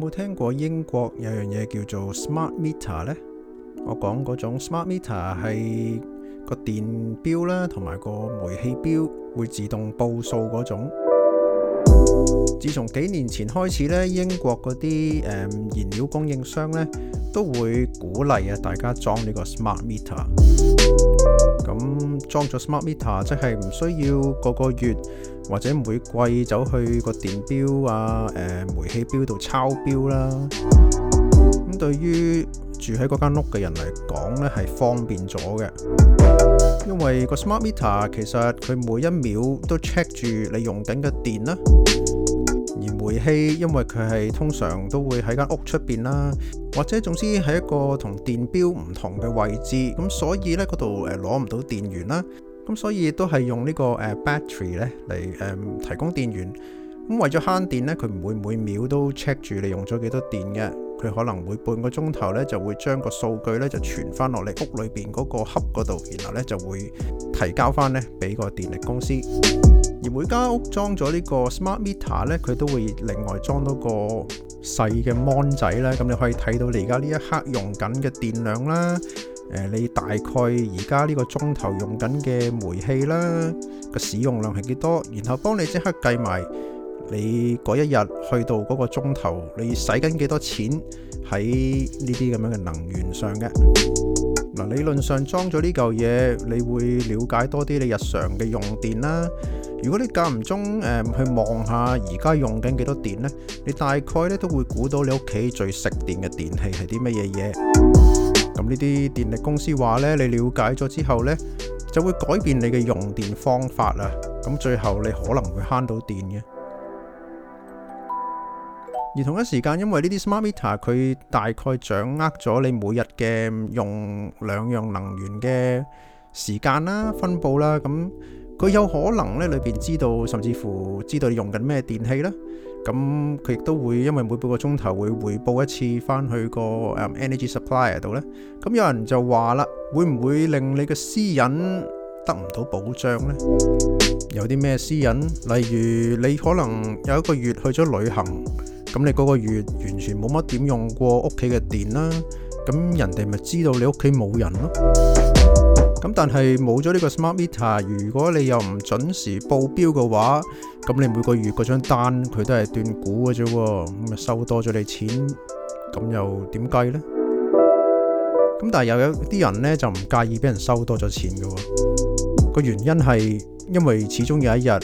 有冇聽過英國有樣嘢叫做 smart meter 呢？我講嗰種 smart meter 係個電表啦，同埋個煤氣表會自動報數嗰種。自從幾年前開始呢，英國嗰啲誒燃料供應商呢，都會鼓勵啊大家裝呢個 smart meter。咁裝咗 smart meter，即係唔需要個個月或者每季走去個電表啊、誒煤氣表度抄表啦。咁對於住喺嗰間屋嘅人嚟講呢，係方便咗嘅，因為個 smart meter 其實佢每一秒都 check 住你用緊嘅電啦。器，因為佢係通常都會喺間屋出邊啦，或者總之喺一個同電表唔同嘅位置，咁所以呢度誒攞唔到電源啦，咁所以都係用呢個誒 battery 咧嚟誒提供電源。咁為咗慳電呢，佢唔會每秒都 check 住你用咗幾多電嘅。佢可能每半個鐘頭呢，就會將個數據呢就傳翻落嚟屋裏邊嗰個盒嗰度，然後呢就會提交翻呢俾個電力公司。而每間屋裝咗呢個 Smart Meter 呢，佢都會另外裝多個細嘅 mon 仔啦。咁你可以睇到你而家呢一刻用緊嘅電量啦，誒你大概而家呢個鐘頭用緊嘅煤氣啦個使用量係幾多，然後幫你即刻計埋。你嗰一日去到嗰個鐘頭，你使緊幾多錢喺呢啲咁樣嘅能源上嘅嗱？理論上裝咗呢嚿嘢，你會了解多啲你日常嘅用電啦。如果你間唔中誒去望下而家用緊幾多電呢，你大概咧都會估到你屋企最食電嘅電器係啲乜嘢嘢。咁呢啲電力公司話呢，你了解咗之後呢，就會改變你嘅用電方法啦。咁最後你可能會慳到電嘅。而同一時間，因為呢啲 smart meter 佢大概掌握咗你每日嘅用兩樣能源嘅時間啦、分佈啦，咁佢有可能呢裏邊知道，甚至乎知道你用緊咩電器啦。咁佢亦都會因為每半個鐘頭會回報一次，翻去個 energy supplier 度呢。咁有人就話啦，會唔會令你嘅私隱得唔到保障呢？有啲咩私隱？例如你可能有一個月去咗旅行。咁你嗰個月完全冇乜點用過屋企嘅電啦，咁人哋咪知道你屋企冇人咯。咁但係冇咗呢個 smart meter，如果你又唔準時報表嘅話，咁你每個月嗰張單佢都係斷估嘅啫，咁咪收多咗你錢，咁又點計呢？咁但係又有啲人呢就唔介意俾人收多咗錢嘅，個原因係因為始終有一日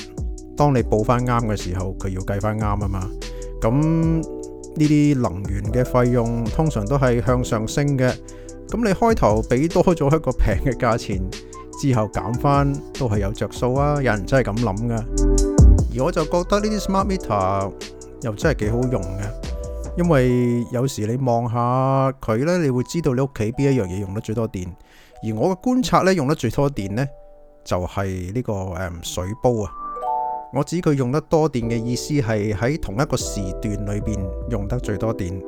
當你報翻啱嘅時候，佢要計翻啱啊嘛。咁呢啲能源嘅費用通常都係向上升嘅，咁你開頭俾多咗一個平嘅價錢，之後減翻都係有着數啊！有人真係咁諗噶。而我就覺得呢啲 Smart Meter 又真係幾好用嘅，因為有時你望下佢呢，你會知道你屋企邊一樣嘢用得最多電。而我嘅觀察呢，用得最多電呢，就係呢個誒水煲啊。我指佢用得多電嘅意思係喺同一個時段裏邊用得最多電。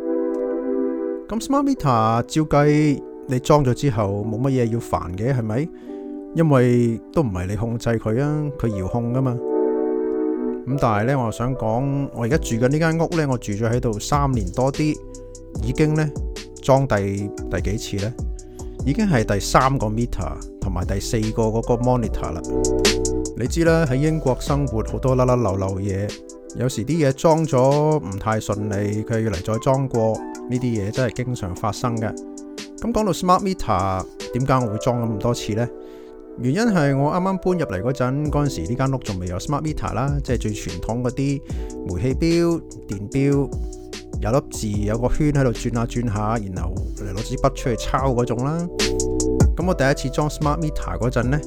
咁 smart meter 照計，你裝咗之後冇乜嘢要煩嘅，係咪？因為都唔係你控制佢啊，佢遙控噶嘛。咁但係呢，我想講，我而家住緊呢間屋呢，我住咗喺度三年多啲，已經呢裝第第幾次呢？已經係第三個 meter 同埋第四個嗰個 monitor 啦。你知啦，喺英國生活好多甩甩漏漏嘢，有時啲嘢裝咗唔太順利，佢要嚟再裝過，呢啲嘢真係經常發生嘅。咁講到 smart meter，點解我會裝咁多次呢？原因係我啱啱搬入嚟嗰陣，嗰陣時呢間屋仲未有 smart meter 啦，即係最傳統嗰啲煤氣表、電表。有粒字，有個圈喺度轉下轉下，然後嚟攞支筆出去抄嗰種啦。咁我第一次裝 smart meter 陣呢，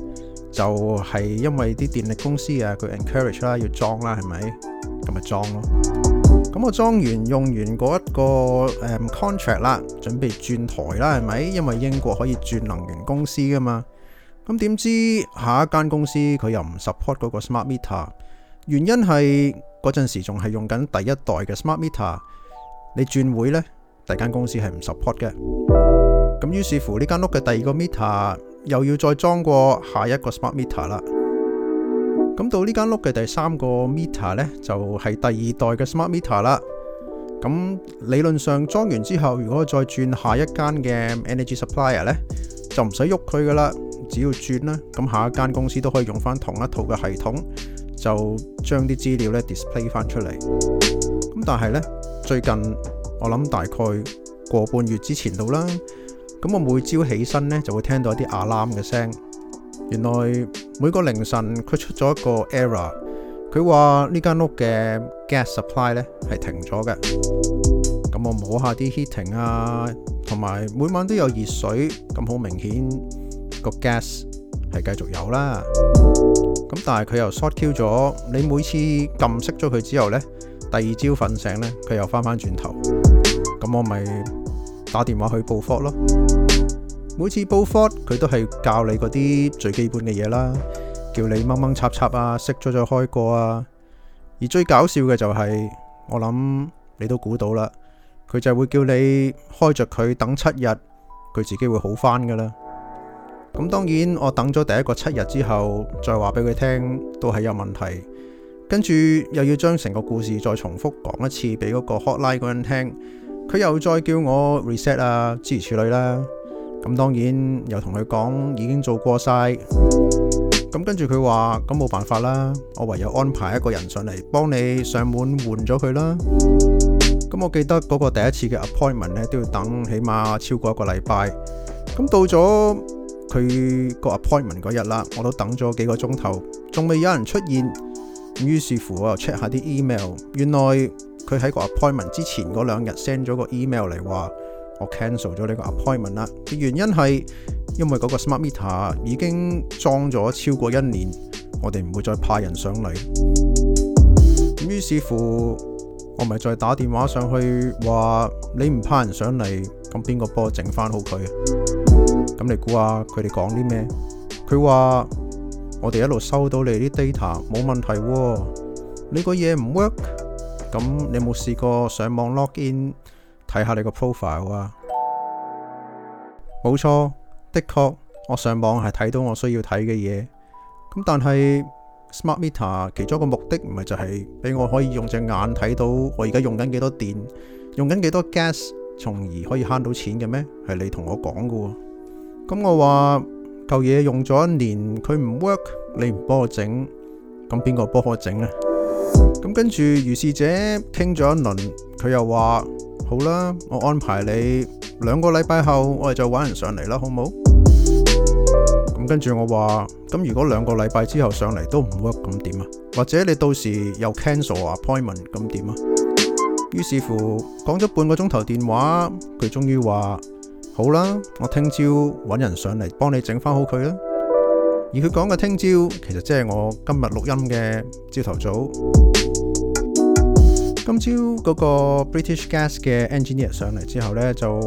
就係、是、因為啲電力公司啊，佢 encourage 啦，要裝啦，係咪？咁咪裝咯。咁我裝完用完嗰、那、一個誒、嗯、contract 啦，準備轉台啦，係咪？因為英國可以轉能源公司㗎嘛。咁點知下一間公司佢又唔 support 嗰個 smart meter？原因係嗰陣時仲係用緊第一代嘅 smart meter。你轉會呢，第間公司係唔 support 嘅。咁於是乎呢間屋嘅第二個 meter 又要再裝過下一個 smart meter 啦。咁到呢間屋嘅第三個 meter 呢，就係、是、第二代嘅 smart meter 啦。咁理論上裝完之後，如果再轉下一間嘅 energy supplier 呢，就唔使喐佢噶啦，只要轉啦。咁下一間公司都可以用翻同一套嘅系統，就將啲資料呢 display 翻出嚟。咁但係呢。最近我諗大概個半月之前到啦，咁我每朝起身呢，就會聽到一啲 alarm 嘅聲。原來每個凌晨佢出咗一個 error，佢話呢間屋嘅 gas supply 呢係停咗嘅。咁我摸下啲 heating 啊，同埋每晚都有熱水，咁好明顯個 gas 係繼續有啦。咁但係佢又 short kill 咗，你每次撳熄咗佢之後呢。第二朝瞓醒呢，佢又翻返轉頭，咁我咪打電話去報復咯。每次報復佢都係教你嗰啲最基本嘅嘢啦，叫你掹掹插插啊，熄咗再開過啊。而最搞笑嘅就係、是，我諗你都估到啦，佢就會叫你開着佢等七日，佢自己會好返噶啦。咁當然我等咗第一個七日之後，再話俾佢聽都係有問題。跟住又要將成個故事再重複講一次俾嗰個 hotline 嗰人聽，佢又再叫我 reset 啊，諸如此類啦。咁當然又同佢講已經做過晒。咁跟住佢話咁冇辦法啦，我唯有安排一個人上嚟幫你上門換咗佢啦。咁我記得嗰個第一次嘅 appointment 呢都要等起碼超過一個禮拜。咁到咗佢個 appointment 嗰日啦，我都等咗幾個鐘頭，仲未有人出現。於是乎我又 check 下啲 email，原來佢喺個 appointment 之前嗰兩日 send 咗個 email 嚟話我 cancel 咗呢個 appointment 啦。原因係因為嗰個 smart meter 已經裝咗超過一年，我哋唔會再派人上嚟。於是乎我咪再打電話上去話你唔派人上嚟，咁邊個幫我整翻好佢？咁你估下佢哋講啲咩？佢話。我哋一路收到你啲 data 冇問題啊，你個嘢唔 work，咁你冇試過上網 login 睇下你個 profile 啊？冇錯，的確我上網係睇到我需要睇嘅嘢，咁但係 Smart Meter 其中一個目的唔係就係俾我可以用隻眼睇到我而家用緊幾多電，用緊幾多 gas，從而可以慳到錢嘅咩？係你同我講噶，咁我話。舊嘢用咗一年，佢唔 work，你唔幫我整，咁邊個幫我整咧？咁跟住如是者傾咗一輪，佢又話：好啦，我安排你兩個禮拜後，我哋就搵人上嚟啦，好唔好？咁跟住我話：咁如果兩個禮拜之後上嚟都唔 work，咁點啊？或者你到時又 cancel appointment，咁點啊？於是乎講咗半個鐘頭電話，佢終於話。好啦，我聽朝搵人上嚟幫你整翻好佢啦。而佢講嘅聽朝，其實即係我今日錄音嘅朝頭早。今朝嗰個 British Gas 嘅 engineer 上嚟之後呢，就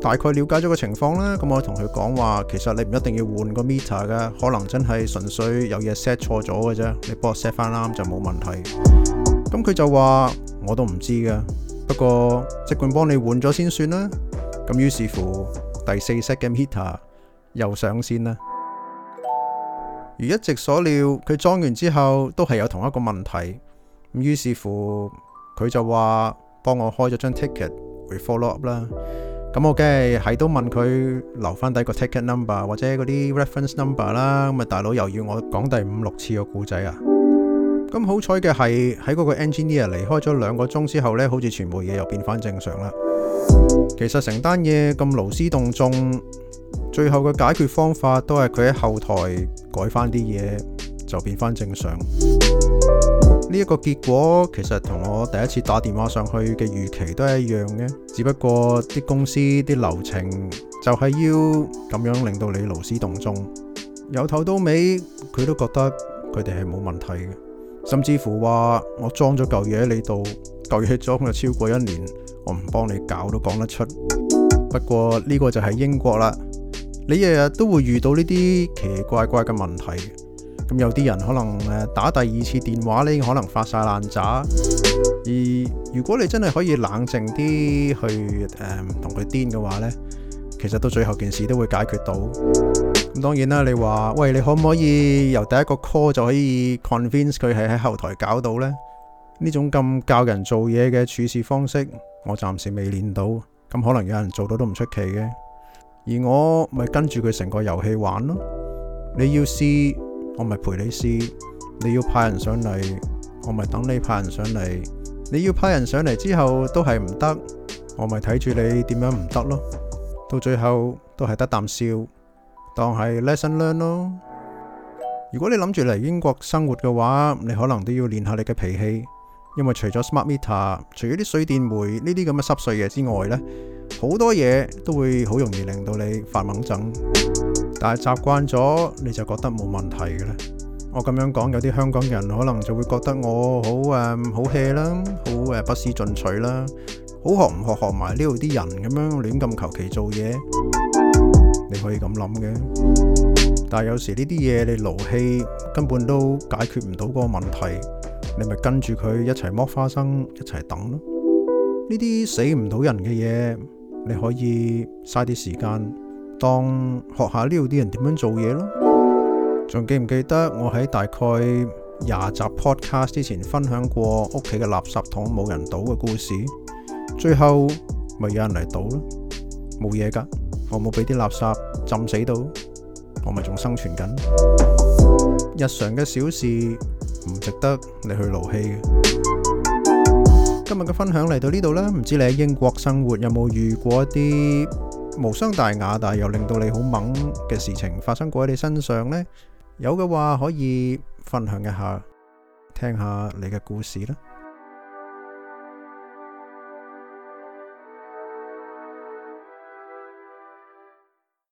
大概了解咗個情況啦。咁我同佢講話，其實你唔一定要換個 meter 嘅，可能真係純粹有嘢 set 錯咗嘅啫。你幫我 set 翻啱就冇問題。咁佢就話我都唔知㗎，不過即管幫你換咗先算啦。咁於是乎第四 set 嘅 heater 又上線啦。如一直所料，佢裝完之後都係有同一個問題。咁於是乎佢就話幫我開咗張 ticket 會 follow up 啦。咁我梗係係都問佢留翻底個 ticket number 或者嗰啲 reference number 啦。咁啊大佬又要我講第五六次個故仔啊。咁好彩嘅係喺嗰個 engineer 離開咗兩個鐘之後呢，好似全部嘢又變返正常啦。其實成單嘢咁勞師動眾，最後嘅解決方法都係佢喺後台改翻啲嘢，就變翻正常。呢一個結果其實同我第一次打電話上去嘅預期都係一樣嘅，只不過啲公司啲流程就係要咁樣令到你勞師動眾，由頭到尾佢都覺得佢哋係冇問題嘅，甚至乎話我裝咗舊嘢喺你度，舊嘢裝咗超過一年。我唔幫你搞都講得出，不過呢個就係英國啦。你日日都會遇到呢啲奇奇怪怪嘅問題，咁有啲人可能誒打第二次電話咧，可能發晒爛渣。而如果你真係可以冷靜啲去誒同佢癲嘅話呢，其實到最後件事都會解決到。咁當然啦，你話喂，你可唔可以由第一個 call 就可以 convince 佢係喺後台搞到呢？呢種咁教人做嘢嘅處事方式。我暫時未練到，咁可能有人做到都唔出奇嘅，而我咪跟住佢成個遊戲玩咯。你要試，我咪陪你試；你要派人上嚟，我咪等你派人上嚟。你要派人上嚟之後都係唔得，我咪睇住你點樣唔得咯。到最後都係得啖笑，當係 lesson learn 咯。如果你諗住嚟英國生活嘅話，你可能都要練下你嘅脾氣。因為除咗 smart meter，除咗啲水電煤呢啲咁嘅濕碎嘢之外咧，好多嘢都會好容易令到你發猛症，但係習慣咗你就覺得冇問題嘅咧。我咁樣講，有啲香港人可能就會覺得我好誒好 hea 啦，好誒不思進取啦，好學唔學學埋呢度啲人咁樣亂咁求其做嘢，你可以咁諗嘅。但係有時呢啲嘢你勞氣根本都解決唔到個問題。你咪跟住佢一齊剝花生，一齊等咯。呢啲死唔到人嘅嘢，你可以嘥啲時間當學下呢度啲人點樣做嘢咯。仲記唔記得我喺大概廿集 podcast 之前分享過屋企嘅垃圾桶冇人倒嘅故事？最後咪有人嚟倒咯，冇嘢㗎，我冇俾啲垃圾浸死到，我咪仲生存緊。日常嘅小事。唔值得你去勞氣嘅。今日嘅分享嚟到呢度啦，唔知你喺英國生活有冇遇過一啲無傷大雅但係又令到你好猛嘅事情發生過喺你身上呢？有嘅話可以分享一下，聽下你嘅故事啦。